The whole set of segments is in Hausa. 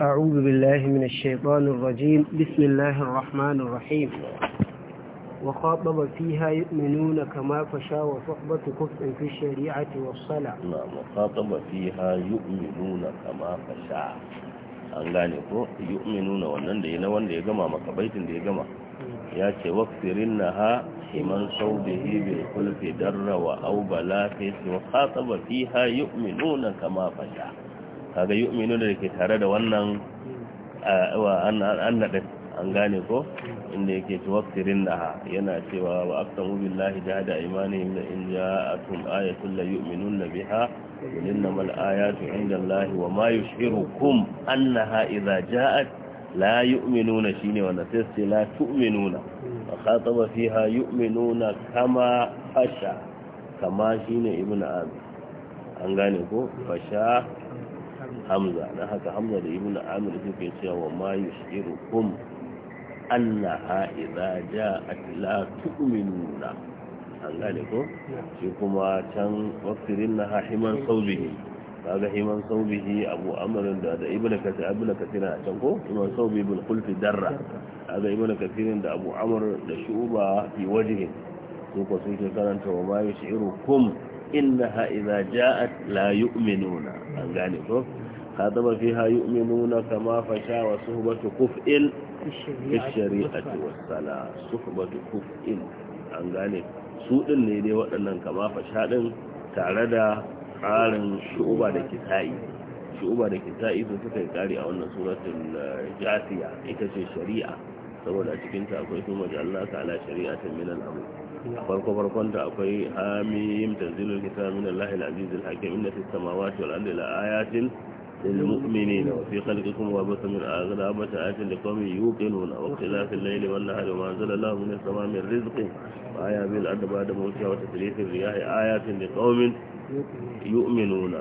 أعوذ بالله من الشيطان الرجيم بسم الله الرحمن الرحيم وخاطب فيها يؤمنون كما فشا وصحبة كفء في الشريعة والصلاة نعم وخاطب فيها يؤمنون كما فشا أنغاني فو يؤمنون ونن دينا ون ديقما مكبيت ديقما ياتي وكفرنها من صوبه بالخلف در وأوبلاك وخاطب فيها يؤمنون كما فشا kaga yu'minuna da ke tare da wannan an naɗin an gane ko inda yake ci waksirin da yana cewa wa aksan ubin lahi da hada imanihim da in ja a tun ayatun la yu'minun na biha yalin na mal'ayatu inda lahi wa ma yi shiru kum an na ha ha'iza ja'at la na shi ne wanda sai sai la na a fi khataba fiha na kama fasha kama shi ne ibn abi an gane ko fasha hamza na haka hamza da ibn amir suke cewa ma yushirukum ha idza ja'at la tu'minuna an gane ko shi kuma can wakirin na himan saubihi kaga himan saubihi abu amrin da da ibnu kasir ibnu kasir a can ko himan saubi bil qulfi darra kaga ibnu kasir da abu amr da shuba fi wajhi ko ko sun karanta wa ma yushirukum innaha idza ja'at la yu'minuna an gane ko خاطب فيها يؤمنون كما فشا وصحبة كفء في الشريعة والصلاة صحبة كفء an gane su ɗin ne dai waɗannan kama fasha ɗin tare da ƙarin shu'uba da kita'i shu'uba da kita'i sun suka yi ƙari a wannan suratun jasiya ita ce shari'a saboda cikin ta akwai sun waje Allah ta ala shari'a ta min a farko farkon akwai hamim tanzilul kitab min Allah al-aziz al-hakim inna fis samawati wal ardi la ayatin للمؤمنين وفي خلقكم وبث من أغلاب آت لقوم يوقنون واختلاف الليل والنهار وما أنزل الله من السماء من رزق وآية بالأرض بعد موسى وتثليث الرياح آيات لقوم يؤمنون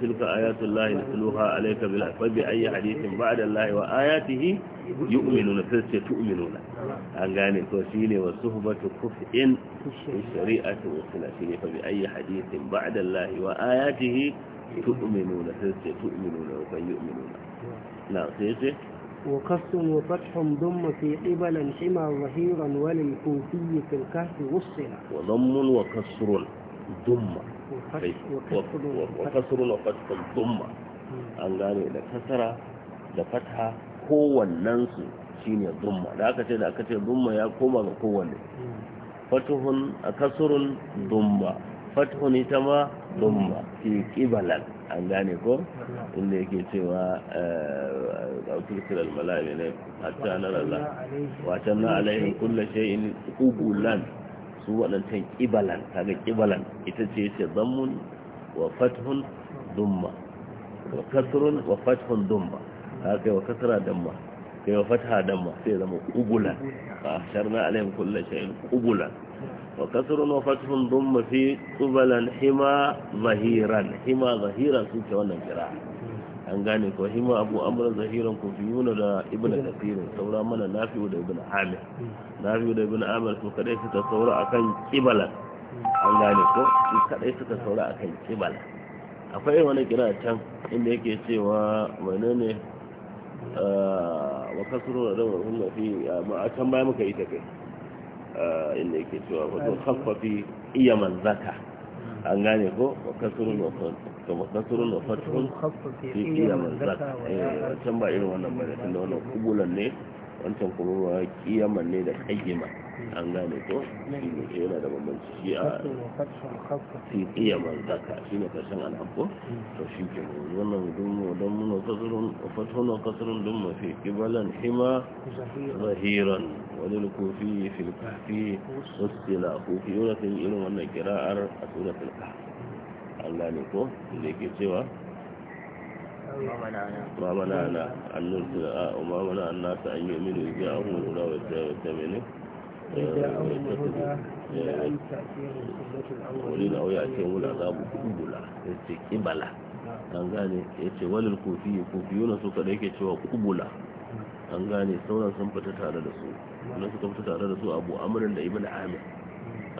تلك آيات الله نتلوها عليك بالله فبأي حديث بعد الله وآياته يؤمنون فلسة تؤمنون أنغاني كوشيني وصحبة كفء في الشريعة والخلافين فبأي حديث بعد الله وآياته tu'minuna sai ce tu'minuna wa kan yu'minuna na sai وفتح ضم في قبلا حما ظهيرا وللكوفي في الكهف وصلا وضم وكسر ضم وكسر وفتح ضم an gane da kasara da fatha kowannensu shine dumma da aka ce da aka ce dumma ya koma ga kowanne fatuhun a kasurun dumma fathun ita ma dumma fi kibalan an gane ko inda yake cewa ɗauki eh, kiran malami ne a canar Allah wacan na alaihin kulle shayin kugulan su waɗancan kibalan ga kibalan ita ce ce zammun wa fathun dumma wa kasurun wa fathun dumma kai wa kasra dumma kai wa fatha dumma sai zama kugulan a na alaihin kulle shayin kugulan وكسر وفتح ضم في قبلا حما ظهيرا حما ظهيرا سوك وانا an gane ko hima abu amran zahiran ku fi yuna da ibnu kathir saura mana nafi'u da ibnu amir nafi'u da ibnu amir su kadai suka saura akan qibala an gane ko su kadai suka saura akan qibala akwai wani kira can inda yake cewa menene eh, wa kasru da wa fi a can baya muka yi ta kai inda yake cewa wato khaffafi iya manzaka an gane ko wa kasrun wa fathun wa kasrun wa fathun fi iya manzaka eh can ba irin wannan ba da tunda wannan kubulan ne wancan kuma kiyaman ne da kayyama an gane ko yana da bambanci shi a fi kiyamar zaka shi ne karshen alhamko to shi ke wannan dummo don muna kasarun na kasarun dummo fi kibalan hima zahiran wani lukufi filkafi wasu na fi yau da irin wannan kira'ar a tura filka an gane ko da ke cewa ما منعنا أن نرسل ما منعنا الناس أن يؤمنوا إذ da الأولى والثامنة إلا أمر هدى إلا an gane ya ce walil kofi kofiyo na su kaɗai ke cewa kubula an gane sauran sun fita tare da su na suka fita tare da su abu amurin da ibn amir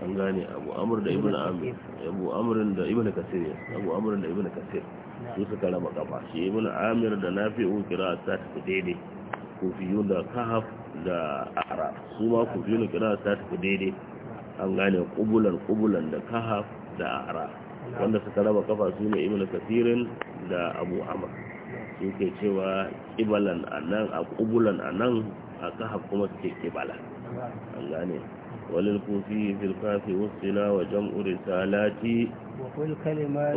an gane abu da ibn amir abu amurin da ibn kasir abu amurin da ibn kasir su suka raba kafa shi ibn amir da nafi'u kira ta tafi daidai da kahaf da ara su ma ku biyu kira ta tafi daidai an gane kubulan kubulan da kaha da ara wanda suka raba kafa su ne ibn kasirin da abu amr su ke cewa kibalan nan a kubulan nan a kaha kuma suke kibala an gane وللكوفي wa الكاف والسنا وجمع رسالاتي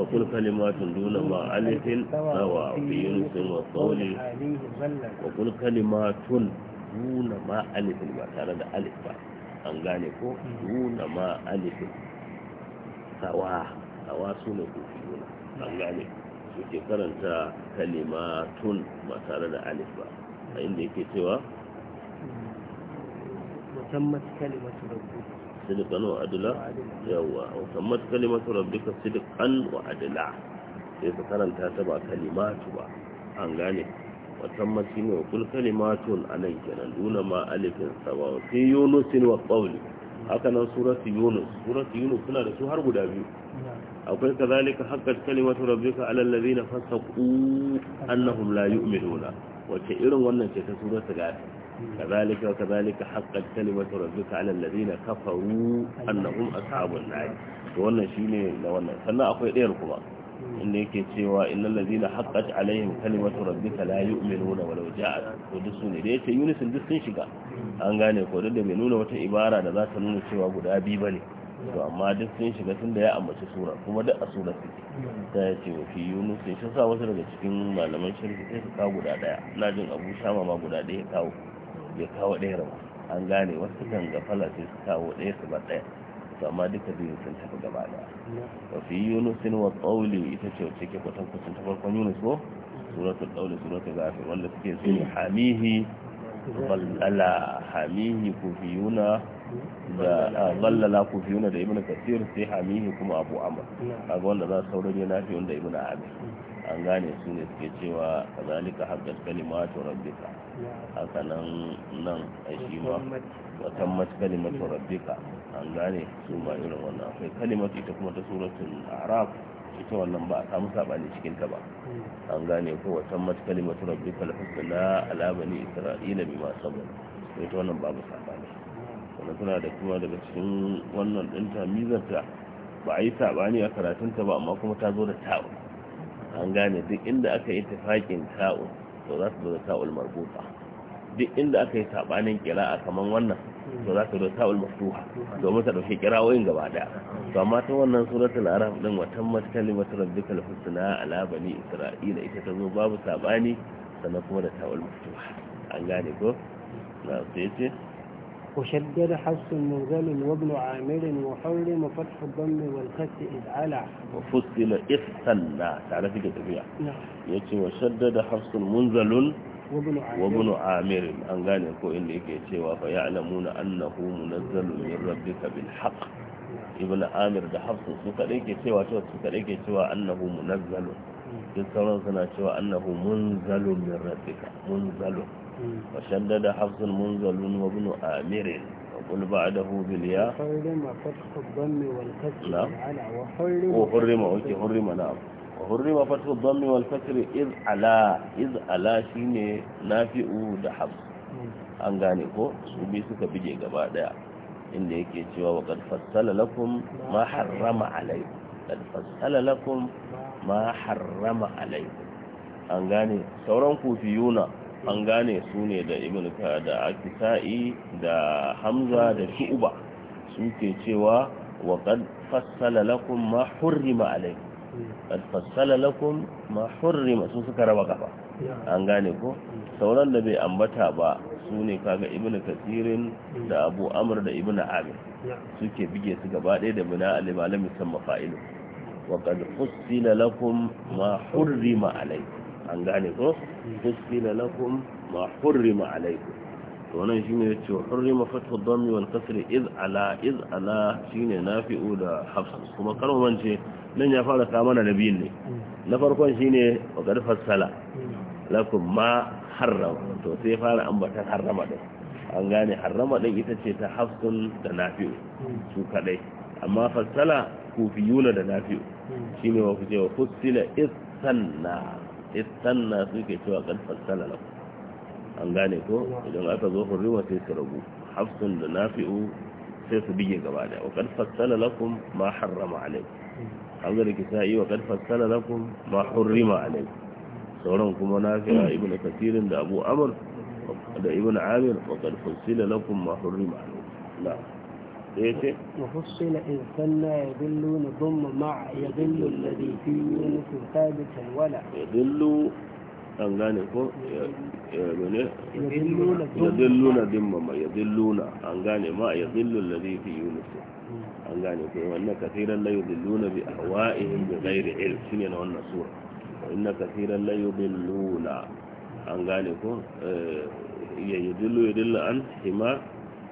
وكل كلمات duna ma دون ما ألف سواء في يونس wa kul كلمات nuna ma alifin ba tare da alif ba an gane ko nuna ma alifin sawa sawa su ne kufiyuna an gane suke karanta kalimatun ba tare da alif ba a inda yake cewa musamman kalimatu rabbuka sidqan wa adla yawa musamman kalimatu ka sidqan wa adla sai su karanta ta ba kalimatu ba an gane وتمت سنة وكل كلمات عليك دون ما ألف سواء في يونس والطول هكذا سورة يونس سورة يونس سنة سوهر قدابي أقول كذلك حقت كلمة ربك على الذين فسقوا أنهم لا يؤمنون وشئر ونشك سورة قاتل كذلك وكذلك حقت كلمة ربك على الذين كفروا أنهم أصحاب النار wannan shine da wannan sannan akwai ɗayar kuma inda yake cewa innal ladina haqqat alaihim kalimatu rabbika la yu'minuna walau ja'at ko duk sune da yake Yunus duk sun shiga an gane ko duk da bai nuna wata ibara da za ta nuna cewa guda biyu bane to amma duk sun shiga tunda ya ambaci sura kuma duk a sura take ta yace wa fi Yunus sai sa wasu daga cikin malaman shirki sai su kawo guda daya na jin Abu Shama ma guda daya kawo bai kawo daya ba an gane wasu kan gafala sai su kawo daya su ba daya amma duka biyu sun tafi gaba da yunus sun wa tsauli ita ce wacce ke kwatan kusan ta farkon yunus ko suratul tsauli suratul gafi wanda suke su hamihi ballala hamihi yuna, da ballala yuna da Ibn kasir sai hamihi kuma abu a ga wanda za su saurari na fi da Ibn amir an gane su ne suke cewa zalika haddar kalimatu rabbika haka nan nan a shi ma watan mata kalimatu rabbika an gane su ma irin wannan akwai kalimatu ita kuma ta suratun arab ita wannan ba a samu sabani cikin ta ba an gane ko watan mata kalimatu rabbika lafasana ala bani isra'ila bima sabar ita wannan babu sabani wannan suna da kuma daga cikin wannan ɗinta mizarta ba a yi sabani a karatunta ba amma kuma ta zo da ta'u an gane duk inda aka yi tafakin ta'u, to za su zo da ta'ul marbuta duk inda aka yi sabanin kira'a kaman wannan to za su zo ta'ul maftuha domin ta dauke kira'o'in gaba daya to amma ta wannan suratul araf din wa tammat kalimatu rabbikal husna ala bani isra'ila ita ta zo babu saɓani, sannan kuma da ta'ul maftuha an gane ko na sai ce وشدد حفص منزل وابن عامر وحول وفتح الضم والخس إذعلع وفصل إفتلع تعرفي كتبيع نعم يتي وشدد حفص منزل وابن عامر وابن عامر أن قال يقول إن إيك يتي فيعلمون أنه منزل من ربك بالحق نعم. ابن عامر ده حفص سكريك يتي سكريك يتي أنه منزل بالصلاة نعم. سنة أنه منزل من ربك منزل وشدد حفظ المنزل وابن آمر وقل بعده بالياء حرم فتح الضم والكسر نعم وحرم وحرم قلت حرم نعم وحرم فتح الضم والكسر an gane ko su suka bige gaba daya inda yake cewa wa qad ma harrama alaykum qad fassala lakum ma harrama alaykum gane sauran kufiyuna an gane su ne da ibn da akisa'i da hamza da shu'uba suke cewa wa qad fassala lakum ma hurrima alaykum qad fassala lakum ma hurrima su suka raba kafa an gane ko sauran da bai ambata ba su ne kaga ibn kasirin da abu amr da ibn amir suke bige su gaba ɗaya da bina alimalin musamman fa'ilu wa qad fassala lakum ma hurrima alaykum an gane ko tusbila lakum ma hurrima alaikum to wannan shine yace hurrima fathu dhammi wal kasri iz ala iz ala shine nafi'u da hafs kuma karo man ce nan ya fara ka mana nabiyin ne na farkon shine wa qad fassala lakum ma harrama to sai fara ambatan harrama din an gane harrama din ita ce ta hafsun da nafi'u su kadai amma fassala kufiyuna da nafi'u shine wa kuje wa fussila iz sanna istanna suke cewa kan fassala lahu an gane ko idan aka zo wa sai su rabu hafsun da nafi'u sai su bige gaba da wa kan fassala lakum ma harrama alai an ga rikisa yi wa kan fassala lakum ma hurrima alai sauran kuma nafi'a ibnu kasirin da abu amr da ibnu amir wa kan fassala lakum ma hurrima alai na'am ديتي إيه وفصل إذ فلا يدل نضم مع يضل الذي في يونس ثابتا ولا يدل أنغاني فو يضلون يدلون دم ما يدلون أنغاني ما يدل الذي في يونس أنغاني فو وإن كثيرا لا يدلون بأهوائهم بغير علم سنين يعني وإن سورة وإن كثيرا لا يدلون أنغاني فو يضل إيه، يدل أن حمار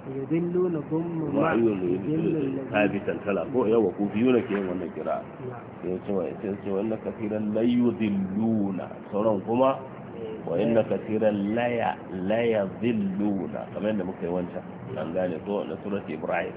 yudilluna gumma ma yudilluna tabitan kala ko yawa ku biyu na yin wannan kira ya ce wa ya ce wannan kafiran la yudilluna sauran kuma wa inna kafiran la ya la yudilluna kamar yadda muka yi wancan an gane ko na surati ibrahim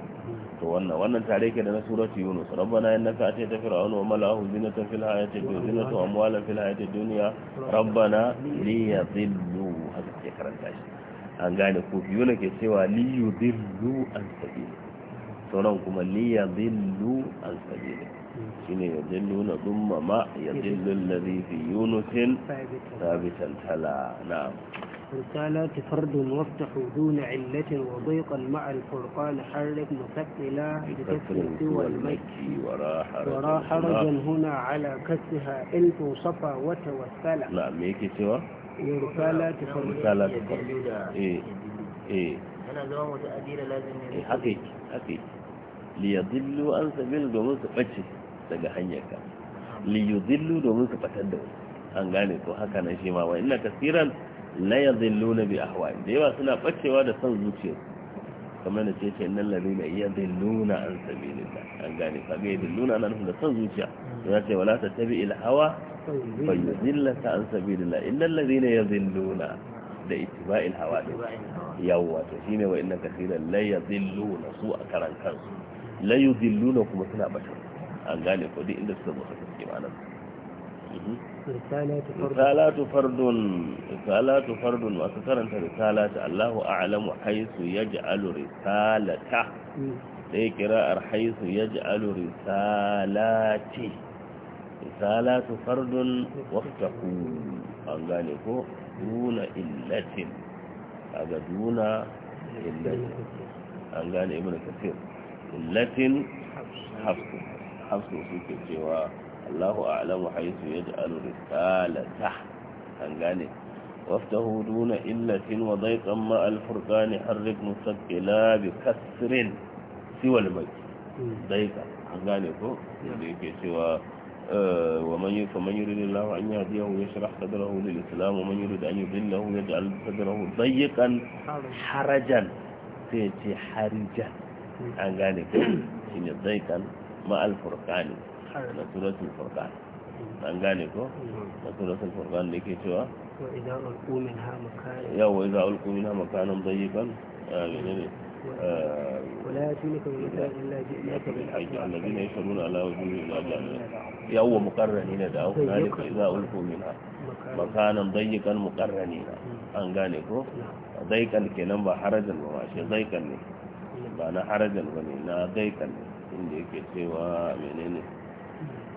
to wannan wannan tare ke da na surati yunus rabbana innaka atayta fir'aun wa mala'ahu zinatan fil hayati dunya zinatan amwalan fil hayati dunya rabbana liyadillu haka ke karanta shi an gane ko kufiyuna ke cewa liyu dillu an sabili sauran kuma liya dillu an sabili shine ya dillu na dumma ma ya dillu alladhi fi yunusin sabitan tala na رسالات فرد وافتح دون علة وضيقا مع الفرقان حرك مثقلا بكسر سوى المكي وراح حرجا هنا على كسرها إلف صفا وتوسلا نعم يكي سوى risala ta farko risala ta farko eh eh zama mutu adira lazim ne eh, haka yake liyadillu an sabil domin su bace daga hanyar ka hanyarka liyudillu domin su batar da an gane ko haka nan shi ma wa inna kasiran la yadhilluna bi ahwa'i da yawa suna bacewa da son zuciya kamar da ce ce innal ladina yadhilluna an sabilillah an gane kaga yadhilluna nan da son zuciya ya mm. ce wala ta tabi il hawa fayyuzillaka an sabilillah illal ladina yadhilluna da ittiba'il hawadith yawa to shine wa inna kaseeran la yadhilluna su a karan kansu la kuma suna bata an gane ko inda suka motsa suke malam risalatu fardun risalatu fardun masu karanta risalata Allahu a'lamu haythu yaj'alu risalata sai ya haythu رسالات فرد واختقون قال ذلك دون إلة هذا دون إلة قال ذلك إبن كثير إلة حفظ حفظ في سوى الله أعلم حيث يجعل رسالة قال وفته دون إلة وضيقا ماء الفرقان حرك مستقلا بكسر سوى المجد ضيقا قال ذلك يعني يجعل رسالة آه، ومن فمن يريد الله أن يهديه ويشرح صدره للإسلام ومن يريد أن يضله يجعل صدره ضيقا حرجا سيتي حرجا عن ذلك إن ضيقا مع الفرقان سورة الفرقان عن ذلك ko a الفرقان furqan وإذا ألقوا منها مكانا idza ulqu آه، يعني، آه، ولا يأتونك من مكان إلا جئناك بالحج الذين يشهدون على وجوههم لا الأجانب yawwa mukarrani na da auku na da kai za ulku mina makanan dayyakan mukarrani na an gane ko daikan kenan ba harajan ba shi daikan ne ba na harajan ba ne na daikan ne inda yake cewa menene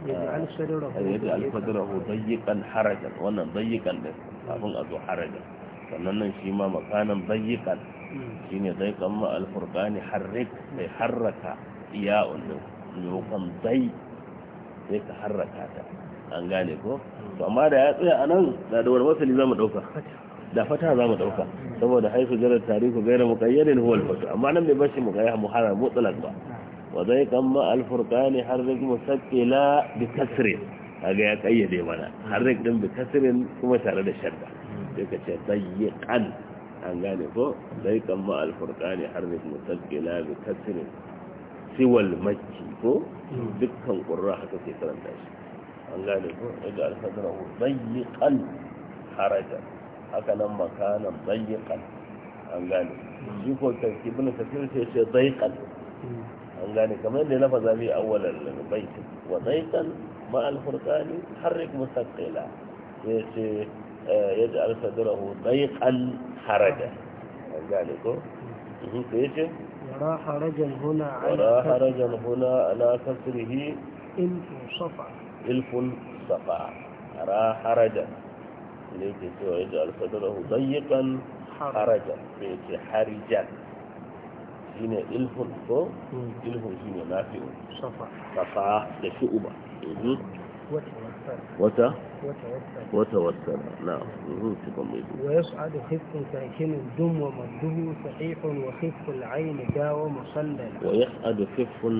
yadda ah, alfadarahu dayyakan harajan wannan dayyakan ne kafin a zo harajan sannan nan shi ma makanan dayyakan hmm. shine daikan ma alfurqani harrik sai harraka iya'un ne yokan dai sai ka harraka ta an gane ko to amma da ya tsaya anan da da wani wasali zamu dauka da fata zamu dauka saboda haifu jarar tarihu gaira muqayyadin huwa al-fatu amma nan bai bashi muqayyad muharram mutlaq ba wa zai kamma al furqan harrik musaqqila bi kasri kaga ya kayyade mana harrik din bi kasrin kuma tare da shadda sai ka ce dayyiqan an gane ko zai kamma al furqan harrik musaqqila bi kasri سوى المجي كو دكان قرى حتى في كلام داش ان قال اجعل صدره ضيقا حرجا هكذا ما كان ضيقا ان قال يقول تركيب التركيب شيء ضيقا ان قال كما لفظ به اولا البيت وضيقا مع الفرقان حرك مستقلا يجعل صدره ضيقا حرجا ان قال يقول ولا حرجا هنا على ولا حرجا هنا على كسره الف صفع الف صفع لا حرجا ليك سوى يجعل صدره ضيقا حرجا بيت حرجا هنا الف فوق الف هنا ما فيه صفع صفع ده شؤبه وت وتوسل نعم ويصعد خف ساكن الدم ومده صحيح وخف العين داو مصلل ويصعد خف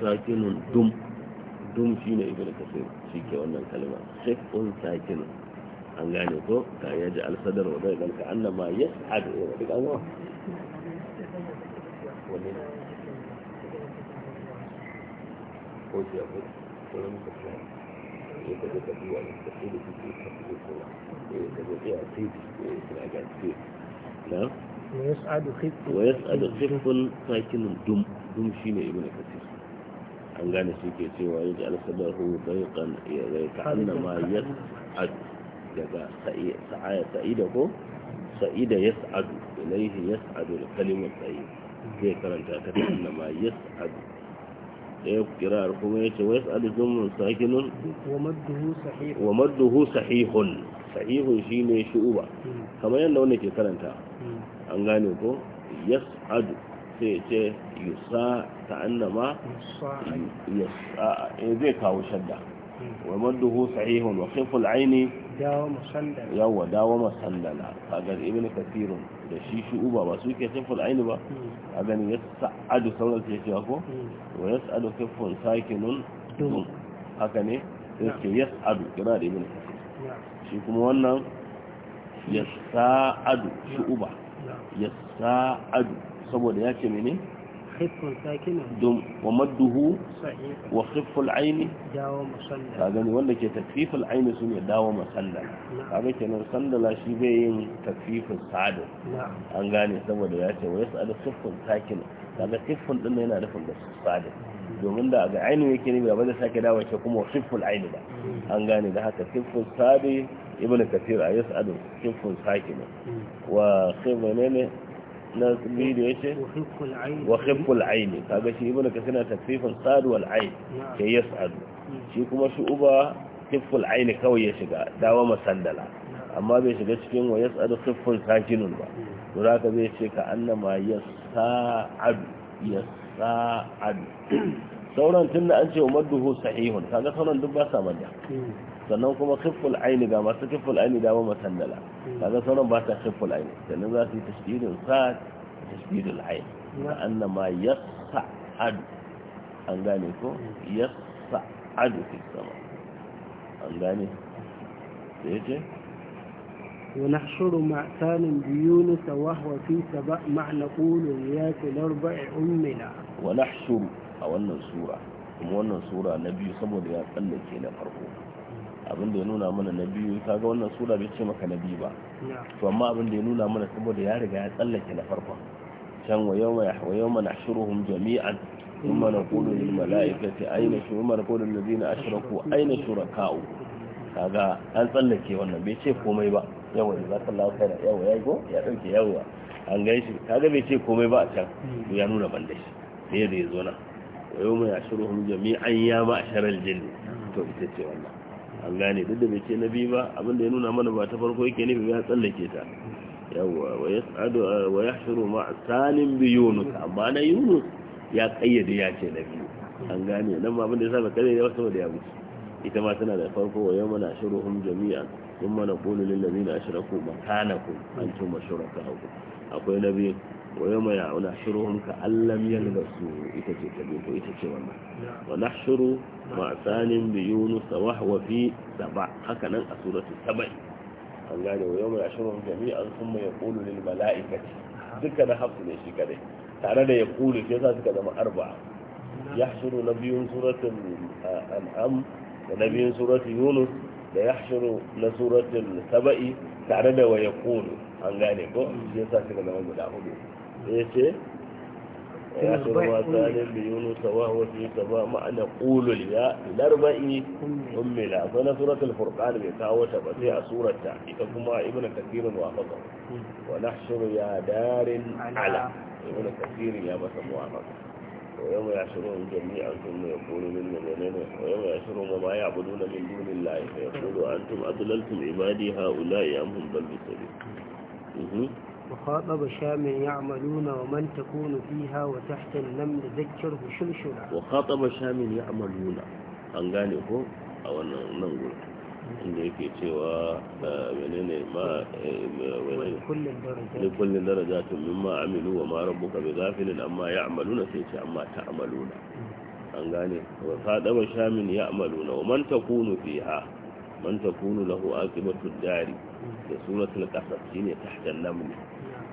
ساكن الدم دم فينا ابن كثير في كون الكلمة خف ساكن أن يعني تو كان يجعل الصدر وذلك كأنما يصعد ذلك sai ka zo ka biya da suke kasu kuma ka zo tsaya sai suna ga ce na an gane shi ke cewa ya ji alfadahu baiƙan ya zai ta hannu ma ya daga daga sa'ida ko sa'ida ya sa'adu ilaihi ya da kalimar tsaye zai karanta ta hannu ma ya ya kirar kuma ya ce wais mun sakinun wa madduhu sahihun sahihun shi ne shi'uba hmm. kamar yadda wanda ke karanta hmm. an gane ko yas adu sai ce yusa ta annama eh, zai kawo shadda ومده صحيح وخف العين داوم سندلا يوا داوم سندلا قال ابن كثير da shi shi ba su ke siful aini ba a ganin ya sa'adu sauran ke wa ya sa'adu siful sakinun dum haka ne sai ke ya sa'adu kira da shi kuma wannan ya sa'adu shi uba ya sa'adu saboda ya ce mene خف ساكنة دم ومده وخف العين داوم مسلل فأغني وانا كي تكفيف العين سمي داوم مسلل فأغني كي نرسلل شبين تكفيف السعادة أنغاني سوى دياتي ويسأل خف ساكنة فأغني خف لنا هنا da بس السعادة domin da ga aini yake ne ba da sake dawo ke kuma khifful aini ba an gane da haka khifful sabi ibnu kathir ayas adu khifful sakin wa khifful na biyu da yace wa khifful aini kaga shi ibnu kasir na tafsifin wal ain ke yas'adu shi kuma shi uba khifful aini kawai ya shiga dawa masandala amma bai shiga cikin wa yas'adu khifful sakinun ba dora ka zai ce ka annama yas'adu yas'adu sauran tunda an ce umadduhu sahihun kaga sauran duk ba sa manja sannan kuma khifful aini ga masu khifful aini da ma masandala kaga sauran ba ta khifful aini sannan za su yi tashdidul sa tashdidul aini wa anna ma yas'ad an gane ko yas'ad fi sama an gane da yake ونحشر مع ثان بيونس وهو في سبأ مع نقول ياك الأربع أمنا ونحشر أولا سورة أولا سورة نبي صبر يا قلت إلى abin da ya nuna mana na biyu kaga wannan sura bai ce maka na biyu ba to amma abin da ya nuna mana saboda ya riga ya tsallake na farkon can wa yawma wa yawma nahshuruhum jami'an thumma naqulu lil mala'ikati ayna shuruma naqulu lil ladina shura ayna ka kaga an tsallake wannan bai ce komai ba yawa da zaka Allah da yawa ya go ya ɗauke yawa an gaishe kaga bai ce komai ba a can ya nuna shi ne da ya zo na wa mana yahshuruhum jami'an ya a ma'sharal jini to ita ce wannan an gane duk da bai ce na biyu ba abinda ya nuna mana ba ta farko yake ne ya tsallake ta yawa wa yas'adu wa yahshuru ma salim bi yunus amma na yunus ya kayyade ya ce na biyu an gane nan ma abinda ya saba kare ya wasu da ya wuce ita ma tana da farko wa yau mana shuruhum jami'a sun mana kulu lillazina ashraku makanakum antum shuraka akwai na biyu wa yau mai auna shiruhun ka allam yalga su ita ce ta ko ita ce wannan wa na shiru ma'asanin bi yunus wa wa fi saba haka nan a suratu saba'i an gane wa yau mai ashiruhun jami'an sun mai yaqulu lil mala'ikati duka na hafsu shi kadai tare da yaqulu sai za suka zama arba'a yahshuru nabiyun suratul eh, an'am da nabiyun suratul yunus da yahshuru na suratul saba'i tare da wa yaqulu an gane ko shi yasa suka zama guda hudu yake ya kuma tsarin biyunu sawa wasu yi ta ba ma'ana ƙulul ya larba'i ummila ko na suratul furqan bai kawo wata ba sai a suratta ita kuma ibn kasir wa faka wa nahshuru ya darin ala ibn kasir ya masa wa faka wa yawma yashurun jami'an thumma yaqulu min madanina wa yawma yashurun ma ya'buduna min dunillahi fa yaqulu antum adlaltum ibadi ha'ula'i am hum dhalbisirin mhm وخاطب شام يعملون ومن تكون فيها وتحت لم نذكره شلشلا وخاطب شام يعملون an gane ko a wannan nan inda yake cewa menene ma kullum daraja tun min ma wa ma rabbuka bi ghafilin amma ya'maluna sai ce amma ta'maluna an gane wa sadaba shamin ya'maluna wa man takunu fiha man takunu lahu da shine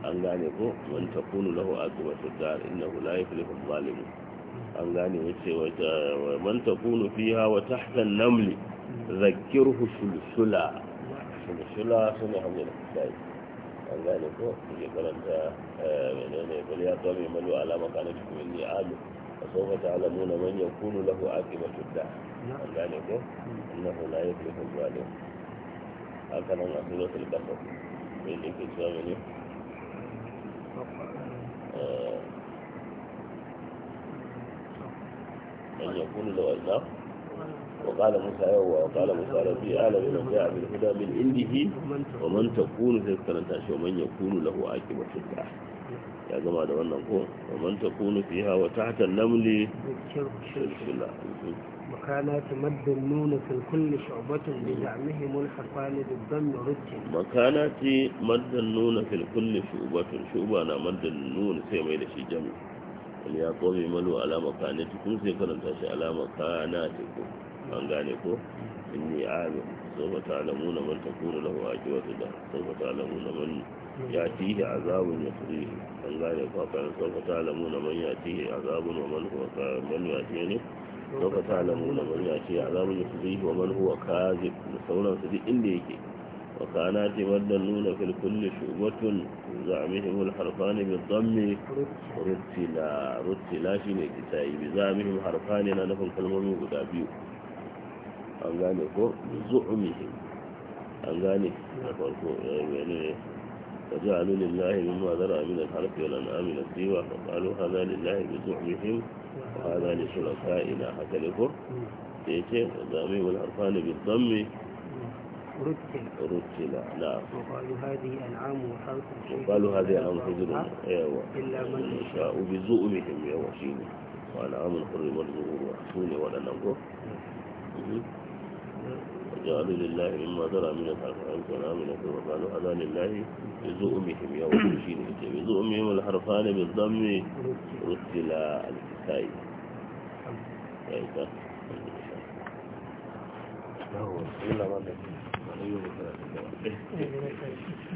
an gane ko ta kunu lahu aqibatu dar innahu la yuflihu adh-dhalimun an gane yace wa man kunu fiha wa tahta an-naml zakkirhu sulsula sulsula sun hamdala sai an gane ko ke karanta eh, menene bal ya qawmi malu ala makanatikum ta alu فسوف تعلمون من يكون lahu عاقبة الدار an gane ko innahu la yuflihu adh-dhalimun haka nan a suratul baqara me yake cewa ne أن يكون له أجناق وقال موسى يوه وقال موسى ربي أعلم من جاء بالهدى من عنده ومن تكون في الكلام ومن يكون له عاقبة الدار يا جماعة ده wannan ومن تكون فيها وتحت النمل بسم الله مكانات مد النون في الكل شعبة بزعمه منحفان بالضم رج مكانات مد النون في الكل شعبة شعبة أنا مد النون سيما إلى شي جمع يا قوم ملوا على مكانتكم سيكون تاشي على مكاناتكم an gane ko inni amin sau ba ta'alamu na man ta kura lahu a ji wata da sau ba ta'alamu na man ya tihe azabun ya turi an gane ko a kayan sau ba ta'alamu man ya tihe azabun wa man ya ne doka ta alamu na bari a ce azabun ya fi wa man huwa kazi da sauran su duk inda yake wa kana ce wadda nuna filkulli shubatun za a mihim harfa ne mai zamme rutila rutila shi ne ki ta yi bi za a mihim harfa ne na nufin kalmomi guda biyu an gane ko zu'umihim an gane na farko ya yi wani ne وجعلوا لله مما ذرأ من الحرف والأنعام نسيوة وقالوا هذا لله بزعمهم وهذا لشركائنا حتى الكفر تيتي والضامي والعرفان بالضم رتل رتل نعم وقالوا هذه أنعام وحرف وقالوا هذه أنعام حجر أيوة إلا من يشاء بزعمهم يا وشيني وأنعام الحر والظهور وحسوني ولا نمره وجعلوا لله مما ذرى من الحرفين والآمنة وقالوا هذا لله بزؤمهم يوم الشين بزؤمهم الحرفان بالضم رسل الكسائي لا هو